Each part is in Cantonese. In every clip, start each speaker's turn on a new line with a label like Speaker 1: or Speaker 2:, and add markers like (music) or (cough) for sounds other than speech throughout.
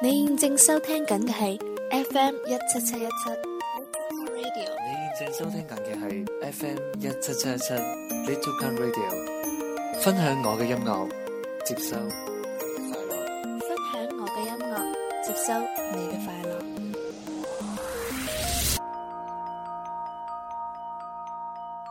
Speaker 1: 你現正收聽緊嘅係 FM 一
Speaker 2: 七七一七，你現正收聽緊嘅係 FM 一七七一七，Radio 分享我嘅音樂，接收。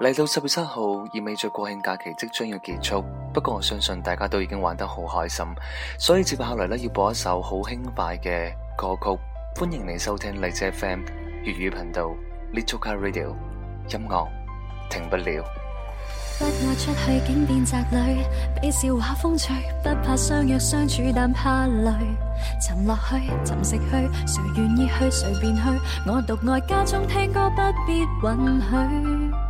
Speaker 2: 嚟到十月七號，意味著國慶假期即將要結束。不過我相信大家都已經玩得好開心，所以接下來呢要播一首好輕快嘅歌曲。歡迎你收聽荔枝 FM 粵語頻道《Little Car Radio》音樂停不了。
Speaker 1: 不愛出去竟變宅女，被笑話風趣，不怕相約相處，但怕累。沉落去，沉食去，誰願意去，誰便去。我獨愛家中聽歌，不必允許。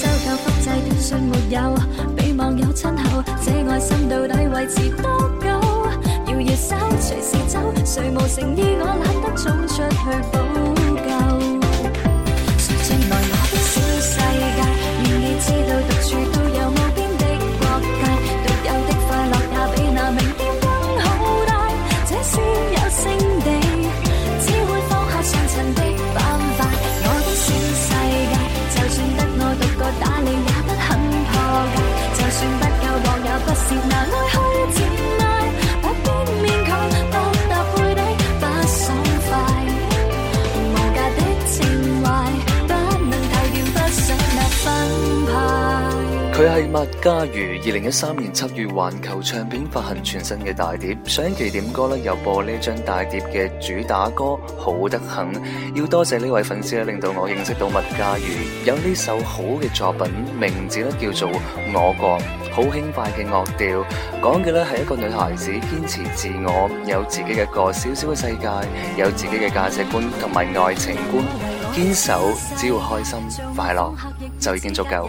Speaker 1: 收購複製，就算沒有，比網友親口，這愛心到底維持多久？搖搖手隨時走，誰無誠意，我懶得衝出去補。
Speaker 2: 麥家瑜二零一三年七月環球唱片發行全新嘅大碟，上一期點歌咧又播呢張大碟嘅主打歌好得很，要多謝呢位粉絲咧令到我認識到麥家瑜有呢首好嘅作品，名字咧叫做《我國》，好輕快嘅樂調，講嘅咧係一個女孩子堅持自我，有自己嘅一個小小嘅世界，有自己嘅價值觀同埋愛情觀，堅守只要開心快樂就已經足夠。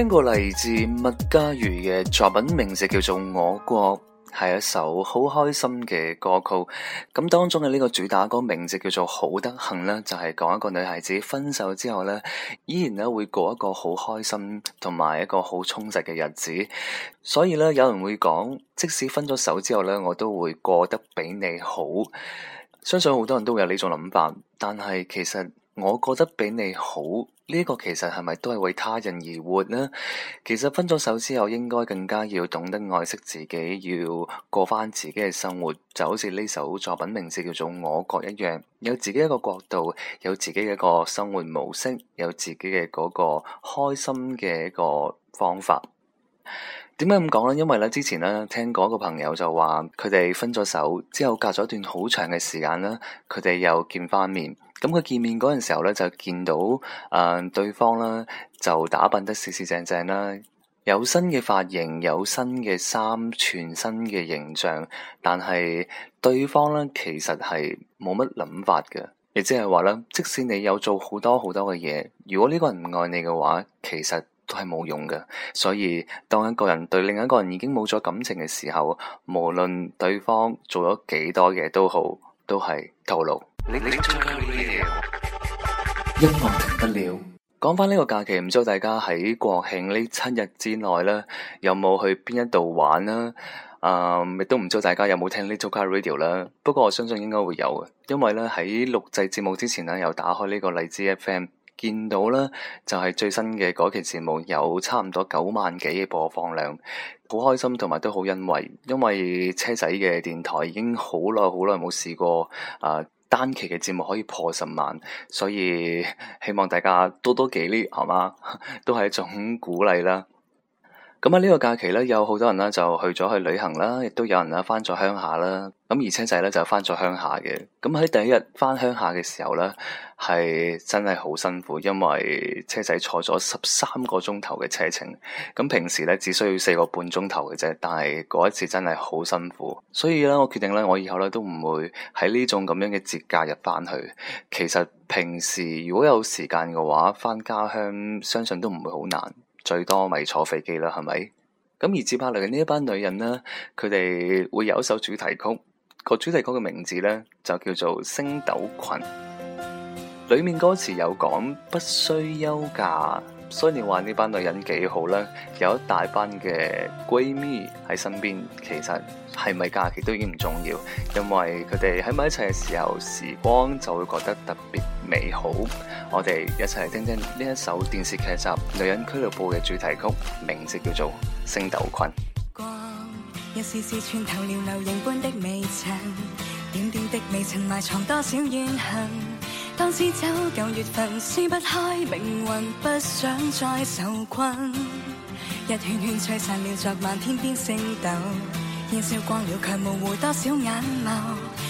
Speaker 2: 聽過嚟自麥家瑜嘅作品，名字叫做《我國》，係一首好開心嘅歌曲。咁當中嘅呢個主打歌，名字叫做《好得幸》呢就係、是、講一個女孩子分手之後呢，依然咧會過一個好開心同埋一個好充實嘅日子。所以呢，有人會講，即使分咗手之後呢，我都會過得比你好。相信好多人都會有呢種諗法，但係其實我過得比你好。呢個其實係咪都係為他人而活呢？其實分咗手之後，應該更加要懂得愛惜自己，要過翻自己嘅生活。就好似呢首作品名字叫做《我國》一樣，有自己一個國度，有自己嘅一個生活模式，有自己嘅嗰個開心嘅一個方法。點解咁講咧？因為咧之前咧聽過一個朋友，就話佢哋分咗手之後，隔咗一段好長嘅時間咧，佢哋又見翻面。咁佢見面嗰陣時候咧，就見到誒、呃、對方咧就打扮得四四正正啦，有新嘅髮型，有新嘅衫，全新嘅形象。但係對方咧其實係冇乜諗法嘅，亦即係話咧，即使你有做好多好多嘅嘢，如果呢個人唔愛你嘅話，其實，都係冇用嘅，所以當一個人對另一個人已經冇咗感情嘅時候，無論對方做咗幾多嘢，都好，都係徒勞。音樂停不了，講翻呢個假期，唔知道大家喺國慶呢七日之內呢，有冇去邊一度玩啦？啊、嗯，亦都唔知道大家有冇聽 Little Car Radio 啦。不過我相信應該會有嘅，因為呢，喺錄製節目之前呢，又打開呢個荔枝 FM。見到咧，就係、是、最新嘅嗰期節目有差唔多九萬幾嘅播放量，好開心同埋都好欣慰，因為車仔嘅電台已經好耐好耐冇試過啊、呃、單期嘅節目可以破十萬，所以希望大家多多幾啲係嘛，都係一種鼓勵啦。咁喺呢個假期咧，有好多人咧就去咗去旅行啦，亦都有人咧翻咗鄉下啦。咁而車仔咧就翻咗鄉下嘅。咁喺第一日翻鄉下嘅時候咧，係真係好辛苦，因為車仔坐咗十三個鐘頭嘅車程。咁平時咧只需要四個半鐘頭嘅啫，但係嗰一次真係好辛苦。所以咧，我決定咧，我以後咧都唔會喺呢種咁樣嘅節假日翻去。其實平時如果有時間嘅話，翻家鄉相信都唔會好難。最多咪坐飛機啦，係咪？咁而接下來嘅呢一班女人呢，佢哋會有一首主題曲，個主題曲嘅名字呢，就叫做《星斗群》。裡面歌詞有講不需休假，雖然話呢班女人幾好啦。有一大班嘅閨蜜喺身邊，其實係咪假期都已經唔重要，因為佢哋喺埋一齊嘅時候，時光就會覺得特別美好，我哋一齊嚟聽聽呢一首電視劇集《女人俱樂部》嘅主題曲，名字叫做《星斗群》。光，
Speaker 1: 一絲絲穿透了流螢般的微塵，點點的微塵埋藏多少怨恨。當是走舊緣分撕不開命運，不想再受困。一圈圈吹散了昨晚天邊星斗，煙燒光了卻模糊多少眼眸。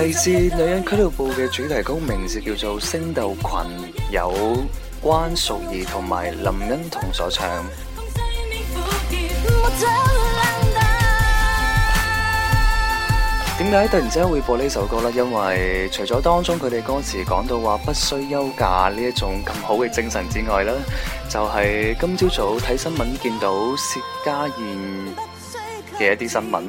Speaker 1: 第次
Speaker 2: 女人俱樂部嘅主題曲名字叫做《星斗羣》，有關淑儀同埋林欣彤所唱。點解突然之間會播呢首歌呢？因為除咗當中佢哋歌詞講到話不需休假呢一種咁好嘅精神之外呢，就係今朝早睇新聞見到薛家燕嘅一啲新聞。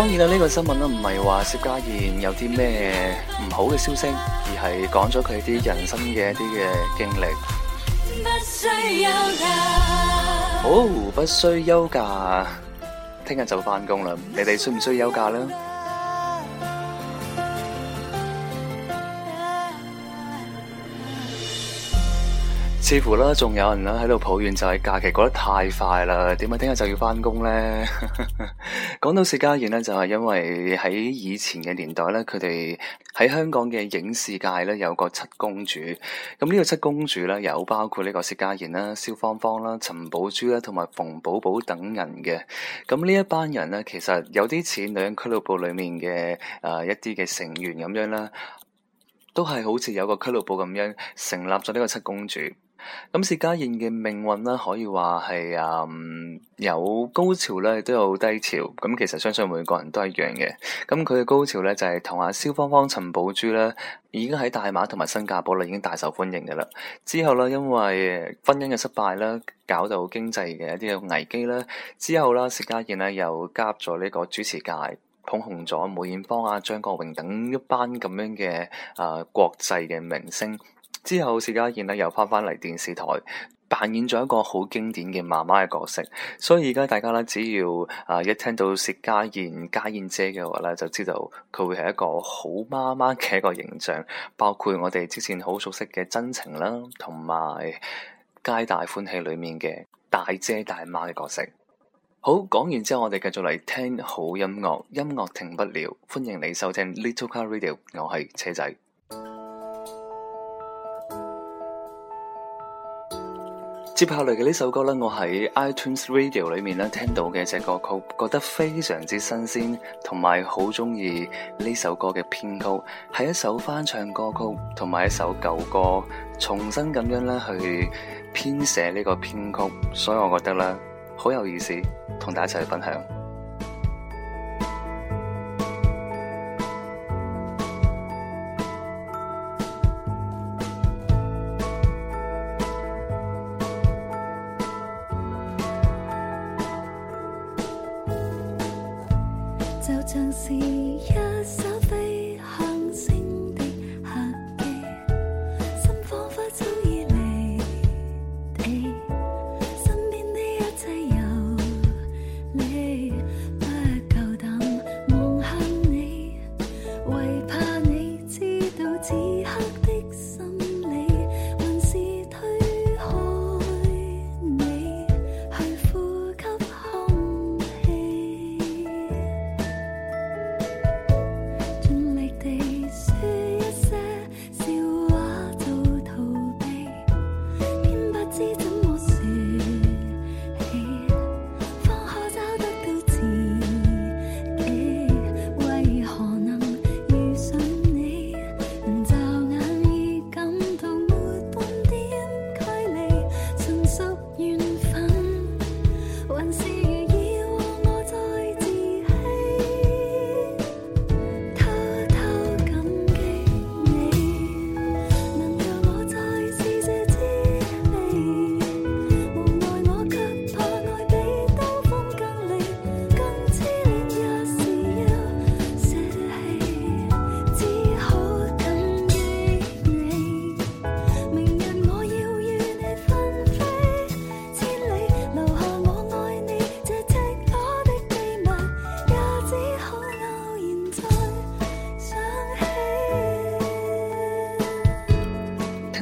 Speaker 2: 當然啦，呢個新聞啦，唔係話薛家燕有啲咩唔好嘅消息，而係講咗佢啲人生嘅一啲嘅經歷。
Speaker 1: 不需休假，
Speaker 2: 好，不需休假，聽日就翻工啦。你哋需唔需休假啦？似乎咧，仲有人啦喺度抱怨，就係假期過得太快啦，點解聽日就要翻工咧？講 (laughs) 到薛家燕咧，就係因為喺以前嘅年代咧，佢哋喺香港嘅影視界咧有個七公主。咁呢個七公主咧，有包括呢個薛家燕啦、蕭芳芳啦、陳寶珠啦，同埋馮寶寶等人嘅。咁呢一班人咧，其實有啲似女人俱樂部裏面嘅誒、呃、一啲嘅成員咁樣啦，都係好似有個俱樂部咁樣成立咗呢個七公主。咁薛家燕嘅命運咧，可以話係誒有高潮咧，都有低潮。咁其實相信每個人都一樣嘅。咁佢嘅高潮咧就係同阿蕭芳芳、陳寶珠咧，已經喺大馬同埋新加坡啦，已經大受歡迎嘅啦。之後咧，因為婚姻嘅失敗啦，搞到經濟嘅一啲危機啦。之後咧，薛家燕咧又加入咗呢個主持界，捧紅咗梅艷芳、阿張國榮等一班咁樣嘅誒、呃、國際嘅明星。之後，薛家燕咧又翻返嚟電視台，扮演咗一個好經典嘅媽媽嘅角色。所以而家大家咧只要啊一聽到薛家燕、家燕姐嘅話咧，就知道佢會係一個好媽媽嘅一個形象。包括我哋之前好熟悉嘅真情啦，同埋皆大歡喜裏面嘅大姐大媽嘅角色。好，講完之後，我哋繼續嚟聽好音樂，音樂停不了，歡迎你收聽 Little Car Radio，我係車仔。接下來嘅呢首歌呢，我喺 iTunes Radio 裏面咧聽到嘅隻歌曲，覺得非常之新鮮，同埋好中意呢首歌嘅編曲，係一首翻唱歌曲，同埋一首舊歌，重新咁樣去編寫呢個編曲，所以我覺得咧，好有意思，同大家一齊去分享。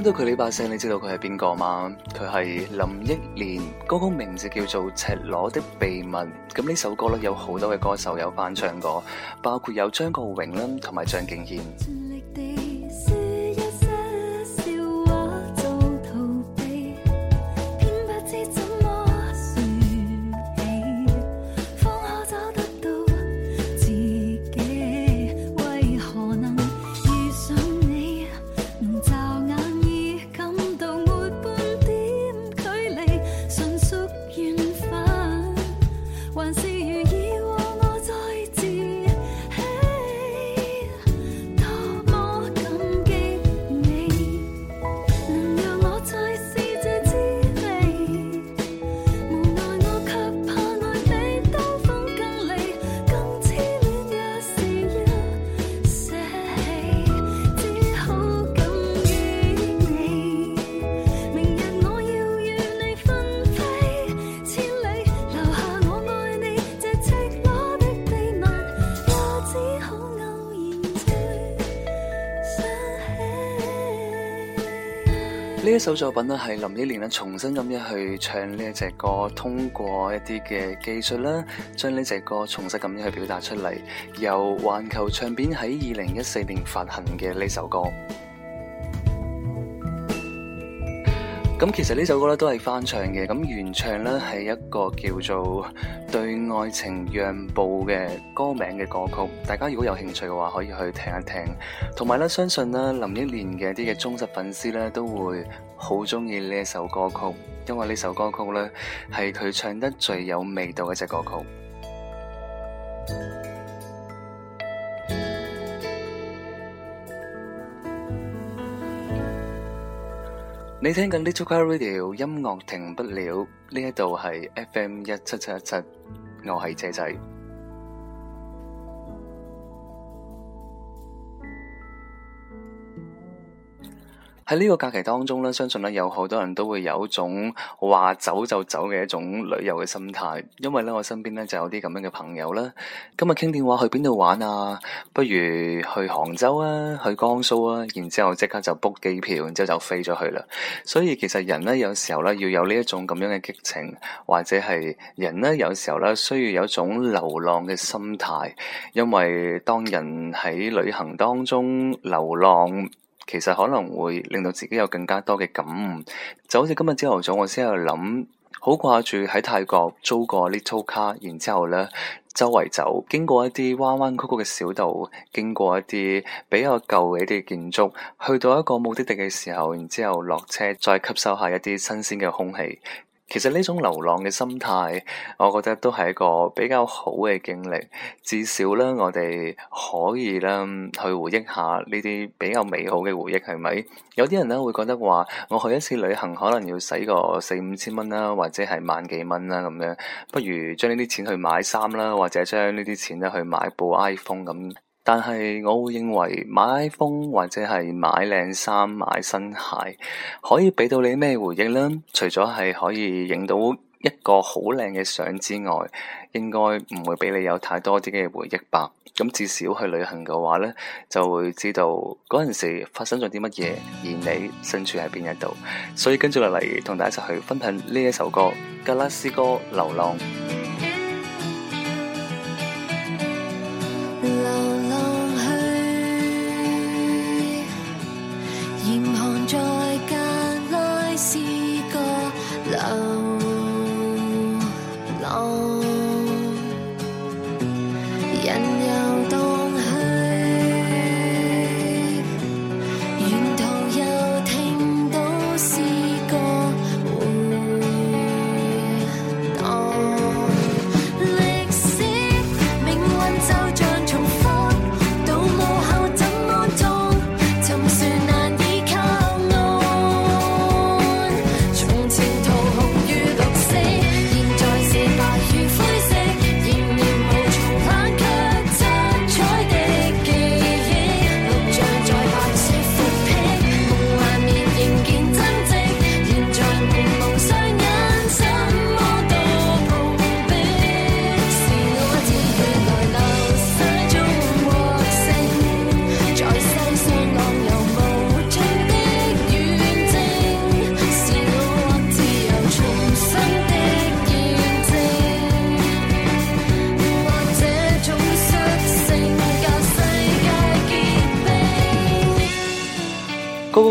Speaker 2: 聽到佢呢把聲，你知道佢係邊個嘛？佢係林憶蓮，歌曲名字叫做《赤裸的秘密》。咁呢首歌咧，有好多嘅歌手有翻唱過，包括有張國榮啦，同埋張敬軒。呢首作品咧係林憶蓮咧重新咁樣去唱呢一隻歌，通過一啲嘅技術咧，將呢隻歌重新咁樣去表達出嚟。由環球唱片喺二零一四年發行嘅呢首歌。咁其實呢首歌咧都係翻唱嘅，咁原唱咧係一個叫做《對愛情讓步》嘅歌名嘅歌曲。大家如果有興趣嘅話，可以去聽一聽。同埋咧，相信咧林憶蓮嘅啲嘅忠實粉絲咧都會好中意呢一首歌曲，因為呢首歌曲咧係佢唱得最有味道嘅一隻歌曲。你聽緊 Lite Radio 音樂停不了，呢一度係 FM 一七七一七，我係車仔。喺呢個假期當中咧，相信咧有好多人都會有一種話走就走嘅一種旅遊嘅心態，因為咧我身邊咧就有啲咁樣嘅朋友啦，今日傾電話去邊度玩啊？不如去杭州啊，去江蘇啊，然之後即刻就 book 機票，然之後就飛咗去啦。所以其實人咧有時候咧要有呢一種咁樣嘅激情，或者係人咧有時候咧需要有一種流浪嘅心態，因為當人喺旅行當中流浪。其實可能會令到自己有更加多嘅感悟，就好似今日朝頭早我先喺度諗，好掛住喺泰國租過啲租卡，然之後咧周圍走，經過一啲彎彎曲曲嘅小道，經過一啲比較舊嘅一啲建築，去到一個目的地嘅時候，然之後落車再吸收一下一啲新鮮嘅空氣。其實呢種流浪嘅心態，我覺得都係一個比較好嘅經歷，至少咧我哋可以啦去回憶下呢啲比較美好嘅回憶，係咪？有啲人咧會覺得話，我去一次旅行可能要使個四五千蚊啦，或者係萬幾蚊啦咁樣，不如將呢啲錢去買衫啦，或者將呢啲錢咧去買部 iPhone 咁。但係我會認為買 iPhone 或者係買靚衫、買新鞋，可以俾到你咩回憶呢？除咗係可以影到一個好靚嘅相之外，應該唔會俾你有太多啲嘅回憶吧？咁至少去旅行嘅話呢，就會知道嗰陣時發生咗啲乜嘢，而你身處喺邊一度。所以跟住落嚟同大家一齊去分享呢一首歌《格拉斯哥流浪》。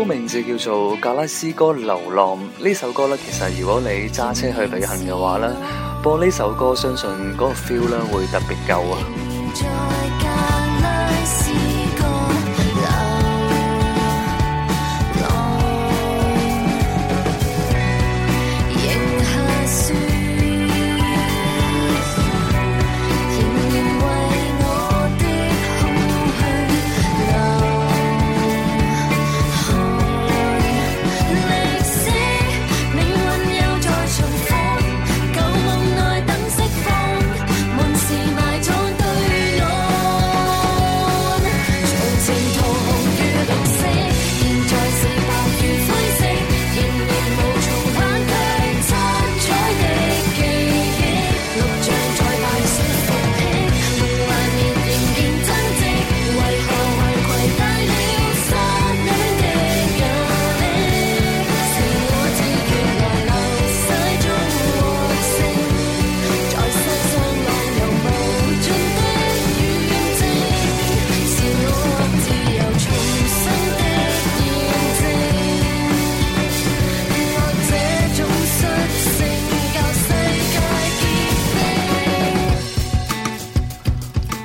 Speaker 2: 名字叫做《格拉斯哥流浪》，呢首歌咧，其實如果你揸車去旅行嘅話呢，播呢首歌，相信嗰個 feel 咧，會特別夠啊！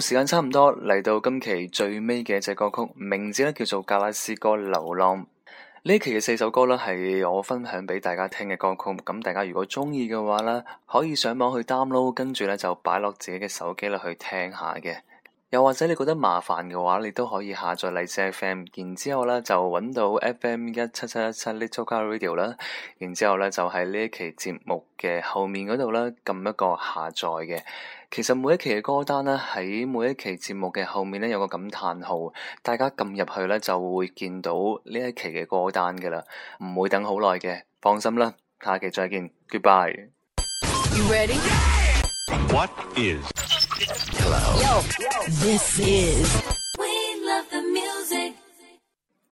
Speaker 2: 時間差唔多嚟到今期最尾嘅一隻歌曲，名字咧叫做《格拉斯哥流浪》。呢期嘅四首歌咧係我分享俾大家聽嘅歌曲，咁大家如果鍾意嘅話咧，可以上網去 download，跟住咧就擺落自己嘅手機咧去聽下嘅。又或者你覺得麻煩嘅話，你都可以下載荔枝 FM，然之後咧就搵到 FM 一七七一七 Little Car Radio 啦，然之後咧就喺呢期節目嘅後面嗰度咧撳一個下載嘅。其實每一期嘅歌單呢，喺每一期節目嘅後面呢，有個感嘆號，大家撳入去呢，就會見到呢一期嘅歌單嘅啦，唔會等好耐嘅，放心啦，下期再見
Speaker 1: ，Goodbye。